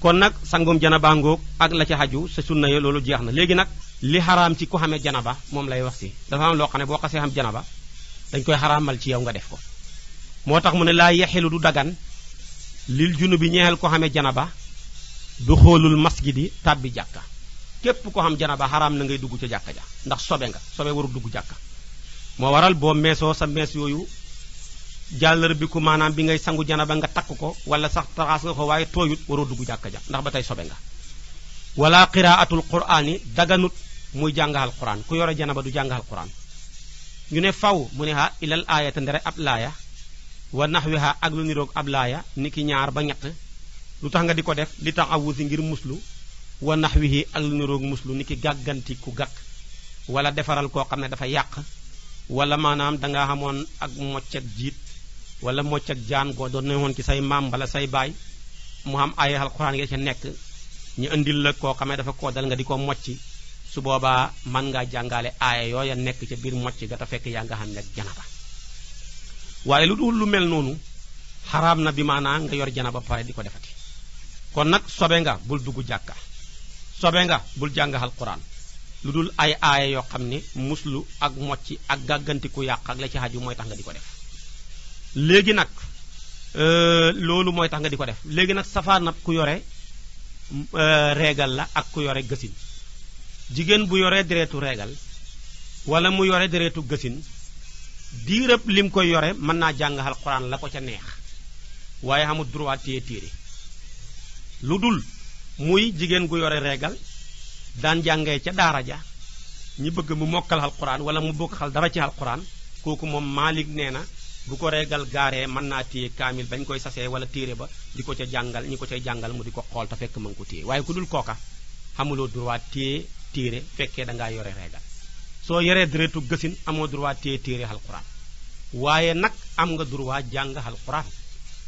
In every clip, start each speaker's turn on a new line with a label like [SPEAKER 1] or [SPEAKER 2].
[SPEAKER 1] kon nag sangum janaba ngoog ak la ca xaju sa sunna yo loolu jeex na léegi nag li xaraam ci ku xamee ba moom lay wax si dafa am loo xam ne boo xasee xam ba dañ koy xaraamal ci yow nga def ko moo tax mu ne laa yexilu du dagan lil junu bi ñeexel ko xamee ba du xoolul masjidi tàbbi jàkka képp ko xam jana ba xaraam na ngay dugg ca jàkka ja ndax sobe nga sobe waru dugg jàkka moo waral boo meesoo sa mees yooyu jàllar maanaam bi ngay sangu janaba nga takk ko wala sax taxaas nga ko waaye tooyut waroo dugg jàkka ja ndax ba tey sobe nga wala qiraatul quraani daganut muy jàngaxal quraan ku yore janaba du jàngaxal quraan ñu ne faw mu ne ha ilal aaya ndere ab laaya wa naxwiha ak lu niroog ab laaya ni ki ñaar ba ñett lu tax nga di ko def li tax awusi ngir muslu wa naxwihi ak lu niroog muslu ni ki gàgganti ku gàkk wala defaral koo xam ne dafa yàq wala maanaam danga xamoon ak mocc ak wala mocc ak jaan goo doon nañu woon ci say maam wala say baay mu am ay alxuraan nga ca nekk ñu indil la koo xamee dafa koo dal nga di ko mocc su boobaa man ngaa jàngale aaya yooya nekk ca biir mocc ga te fekk yaa nga xam ne janaba waaye lu dul lu mel noonu xaraam na bi maanaa nga yor janaba pare di ko defati kon nag sobe nga bul dugg jàkka sobe nga bul jàngaxal alxuraan lu dul ay aaya yoo xam ne muslu ak mocc ak gàggantiku yàq ak la ci xaju mooy tax nga di ko def léegi nag euh, loolu mooy tax nga di ko def léegi nag safaanab ku yore euh, reegal la ak ku yore gësin jigéen bu yore deretu reegal wala mu yore deretu gësin diirëb lim koy yore mën naa jàng alxuraan la ko ca neex waaye amul droit téye lu dul muy jigéen gu yore reegal daan jàngee ca daara ja ñi bëgg mu mokkal alxuraan wala mu bokk xal dara ci alxuraan kooku moom Maalik nee na bu ko regal gaaree mën naa téye kaamil bañ koy sasee wala téere ba di ko ca jàngal ñi ko cay jàngal mu di ko xool te fekk ma ko téye waaye ku dul kooka amuloo droit téye téere fekkee dangaa yore reegal soo yoree deretu gësin amoo droit téye téere alxuraan waaye nag am nga droit jàng alxuraan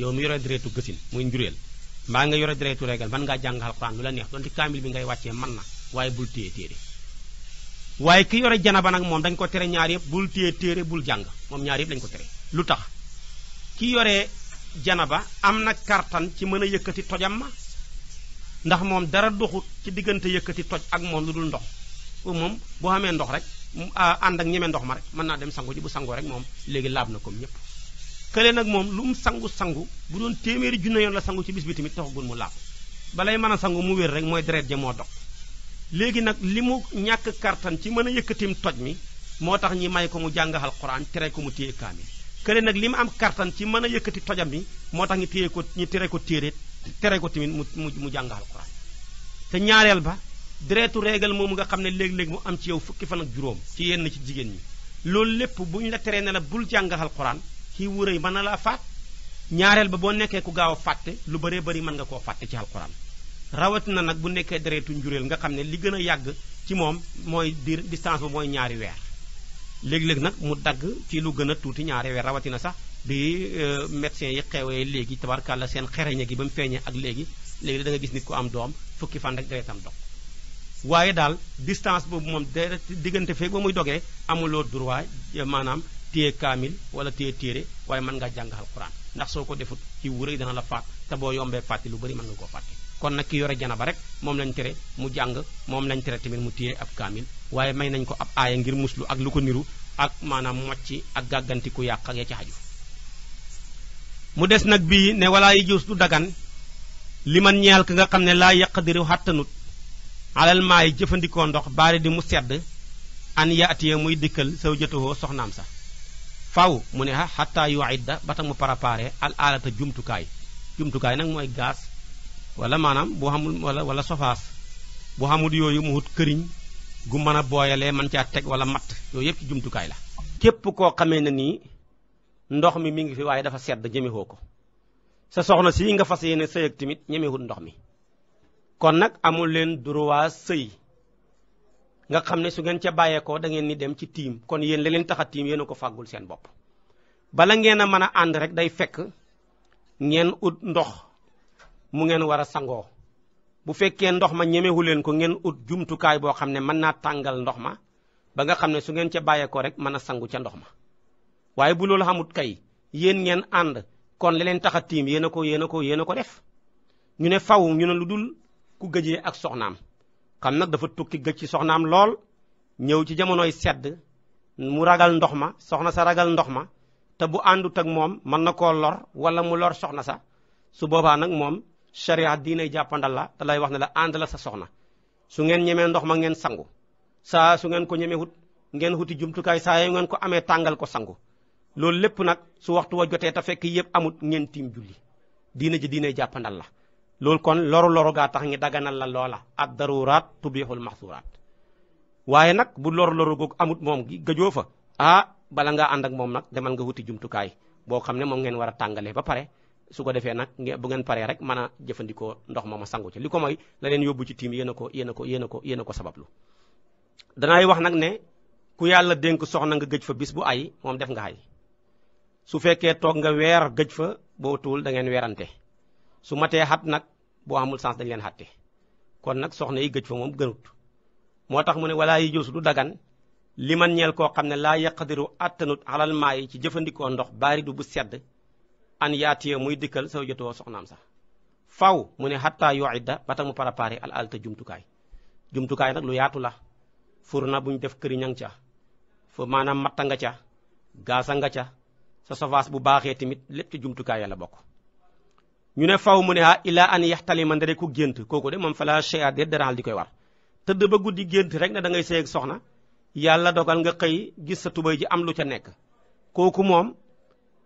[SPEAKER 1] yow yore deretu gësin muy njureel mbaa nga yore deretu reegal mën ngaa jàng alxuraan lu la neex donte kaamil bi ngay wàccee mën na waaye bul téye téere waaye ki yore janaba nag moom dañ ko tere ñaar yëpp bul téye téere bul jàng moom ñaar yëpp lañu ko tere lu tax ki yore jana ba am na kartan ci mën a yëkkati tojam ma ndax moom dara doxut ci diggante yëkkati toj ak moom lu dul ndox moom boo xamee ndox rek ànd ak ñeme ndox ma rek mën naa dem sangu ji bu sangoo rek moom léegi laab na comme ñëpp kële nag moom lu sangu-sangu bu doon téeméeri junne yoon la sangu ci bis bi tamit taxagul mu laab balay mën a mu wér rek mooy deret ja moo léegi nag li mu ñàkk kartan ci mën a yëkkatim toj mi moo tax ñi may ko mu jàngaxal Quraan tere ko mu téye kaamil kële nag li mu am kartan ci mën a yëkkati tojam bi moo tax ñu téye ko ñu tere ko téere tere ko tamit mu mu mu jàngal alxuraan te ñaareel ba deretu régal moomu nga xam ne léeg-léeg mu am ci yow fukki fan ak juróom ci yenn ci jigéen ñi loolu lépp bu ñu la teree ne la bul jàngal alxuraan kii wuréy mën na laa faat ñaareel ba boo nekkee ku gaaw a fàtte lu bëree bari mën nga koo fàtte ci alxuraan rawat na nag bu nekkee deretu njuréel nga xam ne li gën a yàgg ci moom mooy diir distance ba mooy ñaari weer léeg-léeg nag mu dagg ci lu gën a tuuti ñaari weer rawatina sax bi euh, médecins yi xewee léegi tabarkàlla seen xereñe gi ba mu feeñee ak léegi léegi danga gis nit ku am doom fukki fan rek deretam dog waaye daal distance boobu moom deret diggante feeg ba muy dogee amuloo droit euh, maanaam téye kaamil wala téye téere waaye man nga jàngaxal alxuraan ndax soo ko defut ci wuré dana la faat te boo yombee fàtte lu bari mën nga koo fàtte kon nag ki yore janaba rek moom lañ tere mu jàng moom lañ tere tamit mu téye ab kaamil waaye may nañ ko ab aaya ngir muslu ak lu ko niru ak maanaam mocci ak gàgganti yàq ak ya ci xaju mu des nag bii ne walaa yi jus du dagan li man ñeel ka nga xam ne laa yaqdiru xàttanut alal maay jëfandikoo ndox baari di mu sedd an yaatiya muy dikkal saw jëtawoo soxnaam sa faw mu ne a xataa yu ba tax mu préparé al alata jumtukaay jumtukaay nag mooy gaz wala maanaam bu xamul wala wala sofaas bu xamul yooyu mu wut këriñ gu mën a booyalee mën caa teg wala matt yooyu yëpp ci jumtukaay la. képp koo xamee na nii ndox mi mi ngi fi waaye dafa sedd ñemewoo ko sa soxna si nga fas yéene sëy ak tamit ndox mi kon nag amul leen droit sëy nga xam ne su ngeen ca bàyyeekoo da ngeen ni dem ci tiim kon yéen la leen tax a tiim yéen ko fàggul seen bopp bala ngeen a mën a ànd rek day fekk ngeen ut ndox. mu ngeen war a sangoo bu fekkee ndox ma ñemewu leen ko ngeen ut jumtukaay boo xam ne mën naa tàngal ndox ma ba nga xam ne su ngeen ca bàyyeekoo rek mën a sangu ca ndox ma waaye bu loolu xamut kay yéen ngeen ànd kon li leen tax a tiim yéen ko yéen a ko yéen a ko def ñu ne faw ñu ne lu dul ku gëjee ak soxnaam xam nag dafa tukki gëj ci soxnaam lool ñëw ci jamonoy sedd mu ragal ndox ma soxna sa ragal ndox ma te bu àndut ak moom mën na koo lor wala mu lor soxna sa chariat diinay jàppandal la te lay wax ne la ànd la sa soxna su ngeen ñemee ndox ma ngeen sangu saa su ngeen ko ñemee wut ngeen wuti jumtukaay saa yu ngeen ko amee tàngal ko sangu loolu lépp nag su waxtu wa jotee te fekk yëpp amut ngeen tiim julli diina ji diinay jàppandal la loolu kon loru loru gaa tax ngi daganal la loola ad daruraat tubixul maxsuraat waaye nag bu loru loru googu amut moom gi gëjoo fa ah bala ngaa ànd ak moom nag demal nga wuti jumtukaay boo xam ne moom ngeen war a tàngalee ba pare su ko defee nag ngeen bu ngeen paree rek mën a jëfandikoo ndox ma sangu ci li ko moy la leen yóbbu ci tiim yéen ko yéen ko yéen ko yéen a ko sabablu danaay wax nag ne ku yàlla dénk soxna nga gëj fa bis bu ay moom def nga ay su fekkee toog nga weer gëj fa boo tuul da ngeen weerante su matee xat nag boo amul sens dañ leen xatte kon nag soxna yi gëj fa moom gënut moo tax mu ne walaa yi joosu du dagan li man ñeel koo xam ne laa yaqadiru attanut alal maa yi ci jëfandikoo ndox baari du bu sedd an yaatiya muy dikkal saw jotoo soxnaam sa faw mu ne xattaa yoo idda ba tax mu préparé al alta jumtukaay jumtukaay nag lu yaatu la furna buñ def këriñang ca fu maanaam matta nga ca gaasa nga ca sa sofaas bu baaxee tamit lépp ci jumtukaay la bokk ñu ne faw mu ne ah ilaa an yaxtali man ndare ku gént kooku de moom fala chea de daral di koy war tëdd ba guddi gént rek ne da ngay soxna yàlla dogal nga xëy gis sa tubay ji am lu ca nekk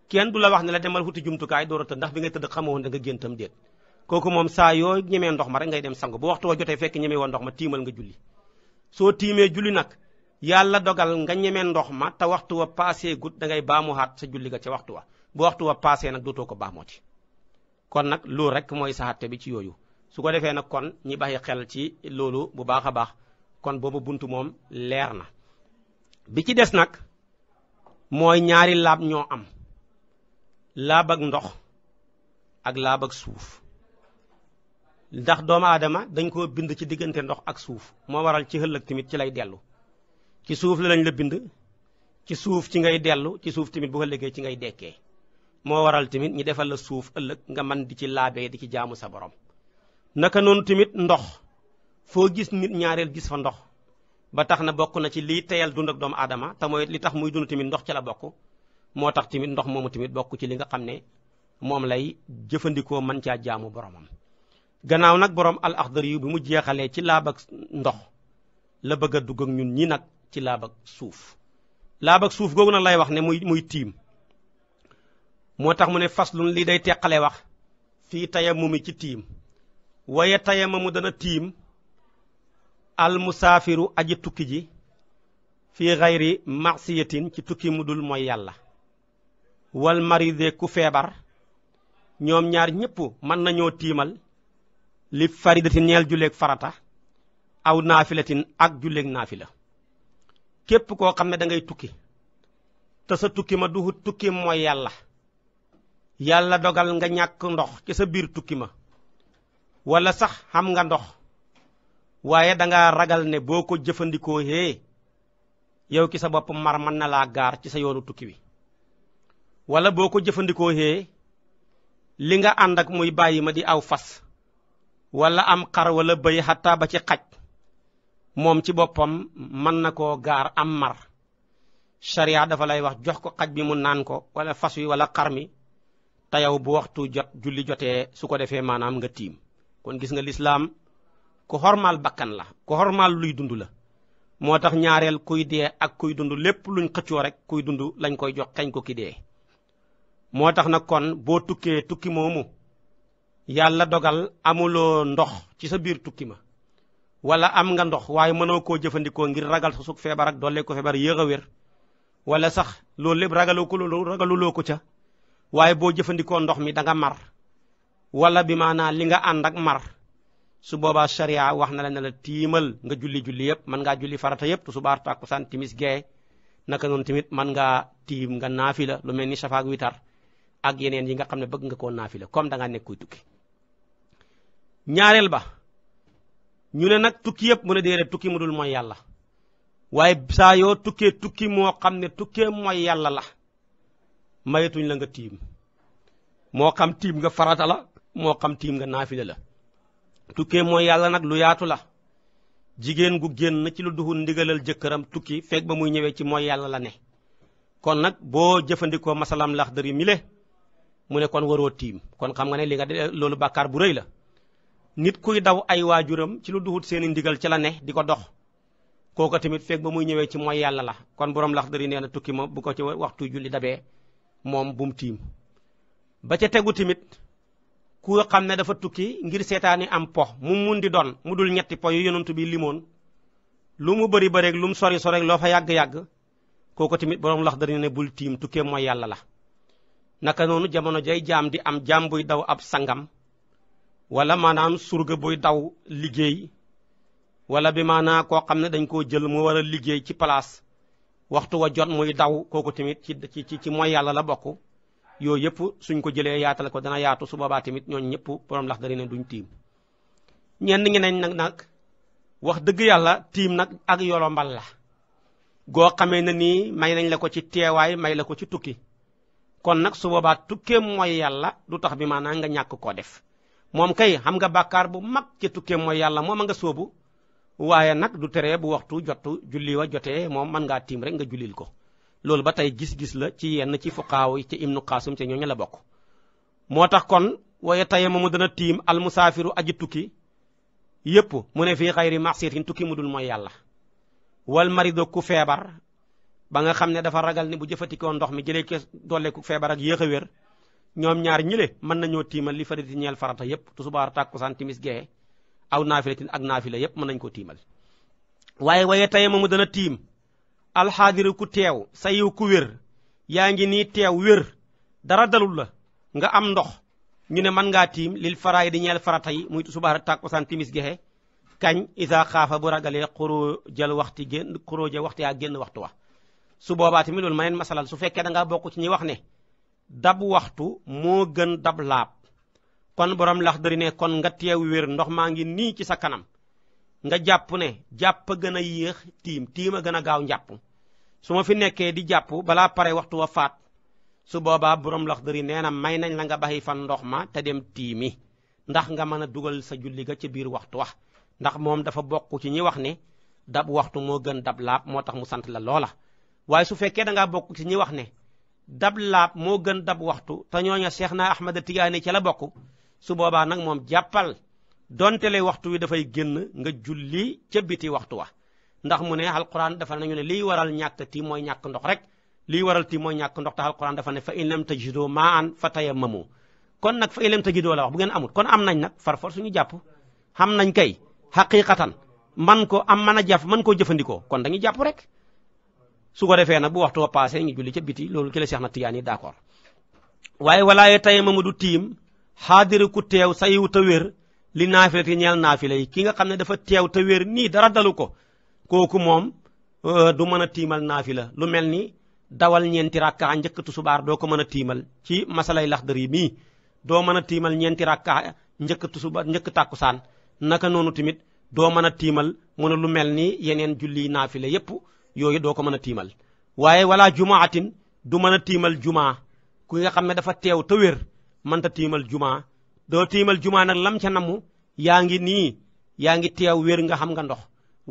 [SPEAKER 1] kenn du la wax ne la demal wuti jumtukaay door a tëdd ndax bi ngay tëdd xamoon da nga géntam déet kooku moom saa yoo ñemee ndox ma rek ngay dem sangu bu waxtu wa jotee fekk ñemee woon ndox ma tiimal nga julli soo tiimee julli nag yàlla dogal nga ñemee ndox ma te waxtu wa paasee gut dangay baamu baamuwaat sa julli nga ca waxtu wa bu waxtu wa paasee nag dootoo ko baamooti kon nag loolu rek mooy saxaate bi ci yooyu su ko defee nag kon ñi bàyyi xel ci loolu bu baax a baax kon boobu buntu moom leer na bi ci des nag mooy ñaari laab ñoo am laab ak ndox ak laab ak suuf ndax doomu aadama dañ koo bind ci diggante ndox ak suuf moo waral ci ëllëg tamit ci lay dellu ci suuf la lañ la bind ci suuf ci ngay dellu ci suuf tamit bu ëllëgee ci ngay dekkee moo waral tamit ñi defal la suuf ëllëg nga man di ci laabee di ci jaamu sa borom naka noonu tamit ndox foo gis nit ñaareel gis fa ndox ba tax na bokk na ci liy teyal dund ak doomu aadama te mooy li tax muy dund tamit ndox ci la bokk moo tax tamit ndox moomu tamit bokk ci li nga xam ne moom lay jëfandikoo man caa jaamu boromam. gannaaw nag borom al axdar yu bi mu jeexalee ci laab ndox la bëgg a dugg ak ñun ñi nag ci laabak suuf laab suuf googu nag lay wax ne muy muy tiim moo tax mu ne faslun lii day teqale wax fii tayamumi ci tiim waaye tayamamu dana tiim al musaafiru aji tukki ji fii xayri marsiyatin ci tukki mu dul mooy yàlla wal maride ku feebar ñoom ñaar ñëpp mën nañoo tiimal li faridati ñeel julleeg farata aw naafilatin ak julleeg naafila képp koo xam ne dangay tukki te sa tukki ma duhu tukki mooy yàlla yàlla dogal nga ñàkk ndox ci sa biir tukki ma wala sax xam nga ndox waaye danga ragal ne boo ko jëfandikoo hee yow ki sa bopp mar mën na laa gaar ci sa yoonu tukki wi wala boo ko jëfandikoo hee li nga ànd ak muy bàyyi ma di aw fas walla am xar wala bëy xataa ba ci xaj moom ci boppam mën na koo gaar am mar sariya dafa lay wax jox ko xaj bi mu naan ko wala fas wi wala xar mi te yow bu waxtu jot julli jotee su ko defee maanaam nga tiim kon gis nga lislaam ku xormaal bakkan la ku xormaal luy dund la moo tax ñaareel kuy dee ak kuy dund lépp luñ xëccoo rek kuy dund lañ koy jox xeñ ko ki dee moo tax nag kon boo tukkee tukki moomu yàlla dogal amuloo ndox ci sa biir tukki ma walla am nga ndox waaye mën mënoo koo jëfandikoo ngir ragal sa sug feebar ak ko feebar yéex a wér wala sax loolu lépp ragaloo ko ragaluloo ko ca waaye boo jëfandikoo ndox mi danga nga mar wala bi maanaa li nga ànd ak mar su boobaa sharia wax na la na la tiimal nga julli julli yëpp mën ngaa julli farata yëpp tu subaar tàkkusaan timis gee naka noonu tamit mën ngaa tiim nga naafi la lu mel ni safaak witar ak yeneen yi nga xam ne bëgg nga koo naafile comme dangaa nekk kuy tukki ñaareel ba ñu ne nag tukki yëpp mu ne déedéet tukki mu dul mooy yàlla waaye saa yoo tukkee tukki moo xam ne tukkee mooy yàlla la mayetuñ la nga tiim moo xam tiim nga farata la moo xam tiim nga naafile la tukkee mooy yàlla nag lu yaatu la jigéen gu génn ci lu duhul ndigalal jëkkëram tukki fekk ba muy ñewee ci mooy yàlla la ne kon nag boo jëfandikoo masalam laxdari mile mu ne kon waroo tiim kon xam nga ne li nga de loolu bàkkaar bu rëy la nit kuy daw ay waajuram ci lu duhut seeni ndigal ca la ne di ko dox kooka tamit feeg ba muy ñëwee ci mooy yàlla la kon borom Laxdari nee na tukki ma bu ko ci waxtu julli dabee moom bum tiim ba ca tegu tamit ku xam ne dafa tukki ngir seetaani am po mu mun di doon mu dul ñetti po yu yonent bi limoon lu mu bëri bëreeg lu mu sori soreeg loo fa yàgg-yàgg kooku tamit borom Laxdari ne bul tiim tukkee mooy yàlla la naka noonu jamono jay jaam di am jaam buy daw ab sangam wala maanaam surga buy daw liggéey wala bi maanaa koo xam ne dañ koo jël mu war liggéey ci place waxtu wa jot muy daw kooku tamit ci ci ci mooy yàlla la bokk yooyu yëpp suñ ko jëlee yaatale ko dana yaatu su boobaa tamit ñooñu ñëpp borom lax dari ne duñ tiim ñenn ngi nag nag wax dëgg yàlla tiim nag ak yolombal la goo xamee na nii may nañ la ko ci teewaay may la ko ci tukki kon nag su boobaa tukkeem mooy yàlla du tax bi maanaam nga ñàkk koo def moom kay xam nga bàkkaar bu mag ci tukkeem mooy yàlla moom a nga sóobu waaye nag du teree bu waxtu jotu julli wa jotee moom mën ngaa tiim rek nga jullil ko loolu ba tey gis-gis la ci yenn ci fuqaaw yi ci ibnu qaasum ci ñooñu la bokk moo tax kon waaye tey moomu dana tiim almusaafiru aji tukki yépp mu ne fii xayri masitin tukki mu dul mooy yàlla wal marido ku feebar ba nga xam ne dafa ragal ne bu jëfatikoo ndox mi jëlee ko ku feebar ak yéex a wér ñoom ñaar ñile mën nañoo tiimal li farati ñeel farata yépp tusubaar tàkkusaan timis gee aw naafilatin ak naafila yépp mën nañ ko tiimal waaye waaye tey moomu dana tiim alxaadiru ku teew sa ku wér yaa ngi nii teew wér dara dalul la nga am ndox ñu ne mën ngaa tiim lil faraay di ñeel farata yi muy subaar tàkkusaan timis gexe kañ isa xaafa bu ragalee xuróojal waxti génn xuróoja waxti yaa génn waxtu wa su boobaa tamit loolu ma leen masalal su fekkee da ngaa bokk ci ñi wax ne dab waxtu moo gën dab laab kon borom lax dëri ne kon nga teew wér ndox maa ngi nii ci sa kanam nga jàpp ne jàpp a gën a yéex tiim tiim a gën a gaaw njàpp su ma fi nekkee di jàpp balaa pare waxtu wa faat su boobaa borom Laxdari nee na may nañ la nga baxi fan ndox ma te dem tiimi ndax nga mën a dugal sa julli ga ca biir waxtu wax ndax moom dafa bokk ci ñi wax ne dab waxtu moo gën dab laab moo tax mu sant la loola waaye su fekkee da ngaa bokk ci ñi wax ne dab laab moo gën dab waxtu te ñooña Seex naa Ahmada Tijaani ca la bokk su boobaa nag moom jàppal donte lay waxtu wi dafay génn nga julli ca biti waxtu wa ndax mu ne alquran dafa nañu ne lii waral ñàkk ti mooy ñàkk ndox rek lii waral ti mooy ñàkk ndox tax alquran dafa ne fa in lam tajidoo maa an fa tayammamu kon nag fa in lam tajidoo la wax bu ngeen amul kon am nañ nag farfar suñu jàpp xam nañ kay xaqiqatan man ko am mën a jàpp mën koo jëfandikoo kon dañuy jàpp rek su ko defee nag bu waxtu wa passé ñu julli ca biti loolu ki la Seex na Tijaan yi d'accord waaye walaaye tey ma du tiim xaadiri ku teew sayiw te wér li naafile ti ñeel naafile yi ki nga xam ne dafa teew te wér nii dara dalu ko kooku moom euh, du mën a tiimal naafila lu mel ni dawal ñeenti rakka njëkkatu subaar doo ko mën a tiimal ci masalay laxdar yi mii doo mën a tiimal ñeenti rakka njëkkatu subaar njëkk tàkku saan naka noonu tamit doo mën a tiimal mu lu mel ni yeneen julli naafile yépp yooyu doo ko mën a tiimal waaye wala jumaatin du mën a tiimal jumaa ku nga xam ne dafa teew te wér mënta tiimal jumaa doo tiimal jumaa nag lam ca namu yaa ngi nii yaa ngi teew wér nga xam nga ndox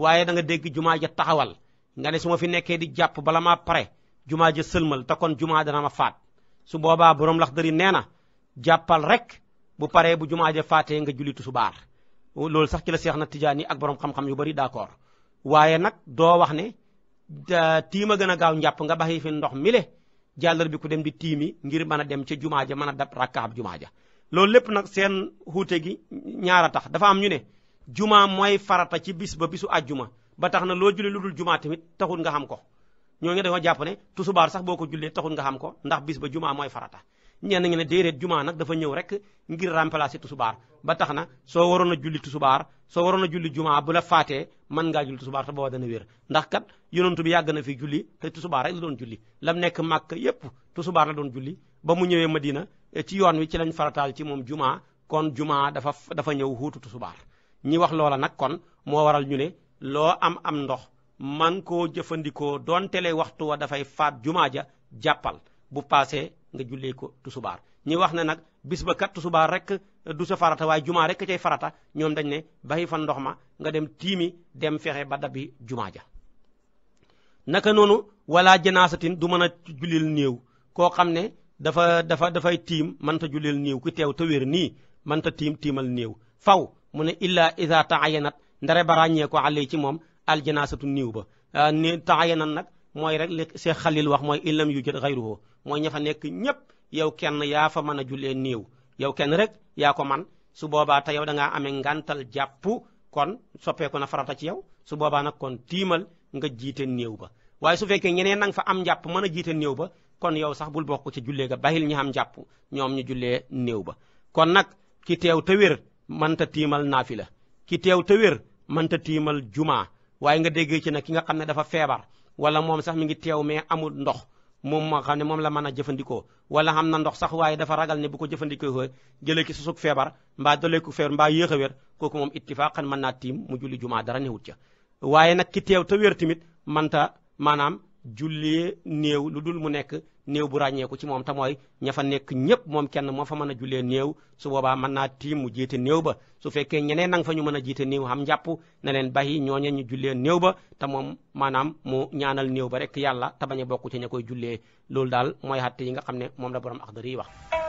[SPEAKER 1] waaye danga dégg jumaa ja taxawal nga ne su ma fi nekkee di jàpp bala maa pare jumaa ja sëlmal te kon jumaa dana ma faat su boobaa borom lax Laxdari nee na jàppal rek bu paree bu jumaa ja faatee nga julli tisbaar loolu sax ci la Seex na Tijaani ak borom xam-xam yu bari d'accord waaye nag doo wax ne tiim a gën a gaaw njàpp nga baxi fi ndox mi le jàllar bi ku dem di tiimi ngir mën a dem ca jumaa ja mën a dab rakkaab jumaa ja loolu lépp nag seen xuute gi ñaara tax dafa am ñu ne jumaa mooy farata ci bis ba bisu a àjjuma ba tax na loo julli lu dul jumaa tamit taxul nga xam ko ñoo ngi dañoo jàpp ne tusubaar sax boo ko jullee taxul nga xam ko ndax bis ba jumaa mooy farata ñenn ñi ne déedéet jumaa nag dafa ñëw rek ngir remplacer tusubaar ba tax na soo waroon a julli tusubaar soo waroon a julli jumaa bu la faatee mën ngaa julli tusubaar te booba dana wér ndax kat yonentu bi yàgg na fi julli te tusubaar rek la doon julli lam nekk màkk yépp tusubaar la doon julli ba mu ñëwee ma diina eh, ci yoon wi ci lañ farataal ci moom jumaa kon jumaa dafa dafa ñëw huutu tusubaar ñi wax loola nag kon moo waral ñu ne loo am am ndox man koo jëfandikoo doon tele waxtu wa dafay faat jumaa ja jàppal bu paasee nga jullee ko tusubaar ñi wax na nag bis ba kat tusubaar rek du sa farata waaye jumaa rek cay farata ñoom dañ ne bàyyi fa ndox ma nga dem tiimi dem fexe ba dabi jumaa ja naka noonu wala janaasatin du mën a jullil néew koo xam ne dafa dafa dafay tiim mënta jullil néew ku teew te nii nii a tiim tiimal néew faw mu ne illa iza taayanat ndare ba ràññee ko àllee ci moom aljanaasatu néew ba ne taayanat nag mooy rek li Seex Xalil wax mooy illam yujad xayruhu mooy ña fa nekk ñépp yow kenn yaa fa mën a jullee néew yow kenn rek yaa ko man su boobaa te yow da ngaa amee ngantal jàpp kon soppeeku na farata ci yow su boobaa nag kon tiimal nga jiite néew ba waaye su fekkee ñeneen nang fa am njàpp mën a jiite néew ba kon yow sax bul bokk ci jullee ga bahil ñi am njàpp ñoom ñu jullee néew ba kon nag ki teew te wér mënta tiimal naafila ki teew ta wér mënta tiimal jumaa waaye nga déggee ci nag ki nga xam ne dafa feebar wala moom sax mi ngi teew mais amul ndox moom moo xam ne moom la man a jëfandikoo wala xam na ndox sax waaye dafa ragal ne bu ko jëfandikoo jëlee ki susug feebar mbaa dolee ko feebar mbaa yéex a wér kooku moom ittifaqan man naa tiim mu julli jumaa dara newut ca waaye nag ki teew te wér tamit manta maanaam jullee néew lu dul mu nekk néew bu ràññeeku ci moom tamooy mooy ña fa nekk ñëpp moom kenn moo fa mën a jullee néew su boobaa mën naa tiim mu jiite néew ba su fekkee ñeneen nang fa ñu mën a jiite néew xam njàpp na leen bàyyi ñooñe ñu jullee néew ba te moom maanaam mu ñaanal néew ba rek yàlla te bañ a bokk ci ña jullee loolu daal mooy xatte yi nga xam ne moom la borom Axdari yi wax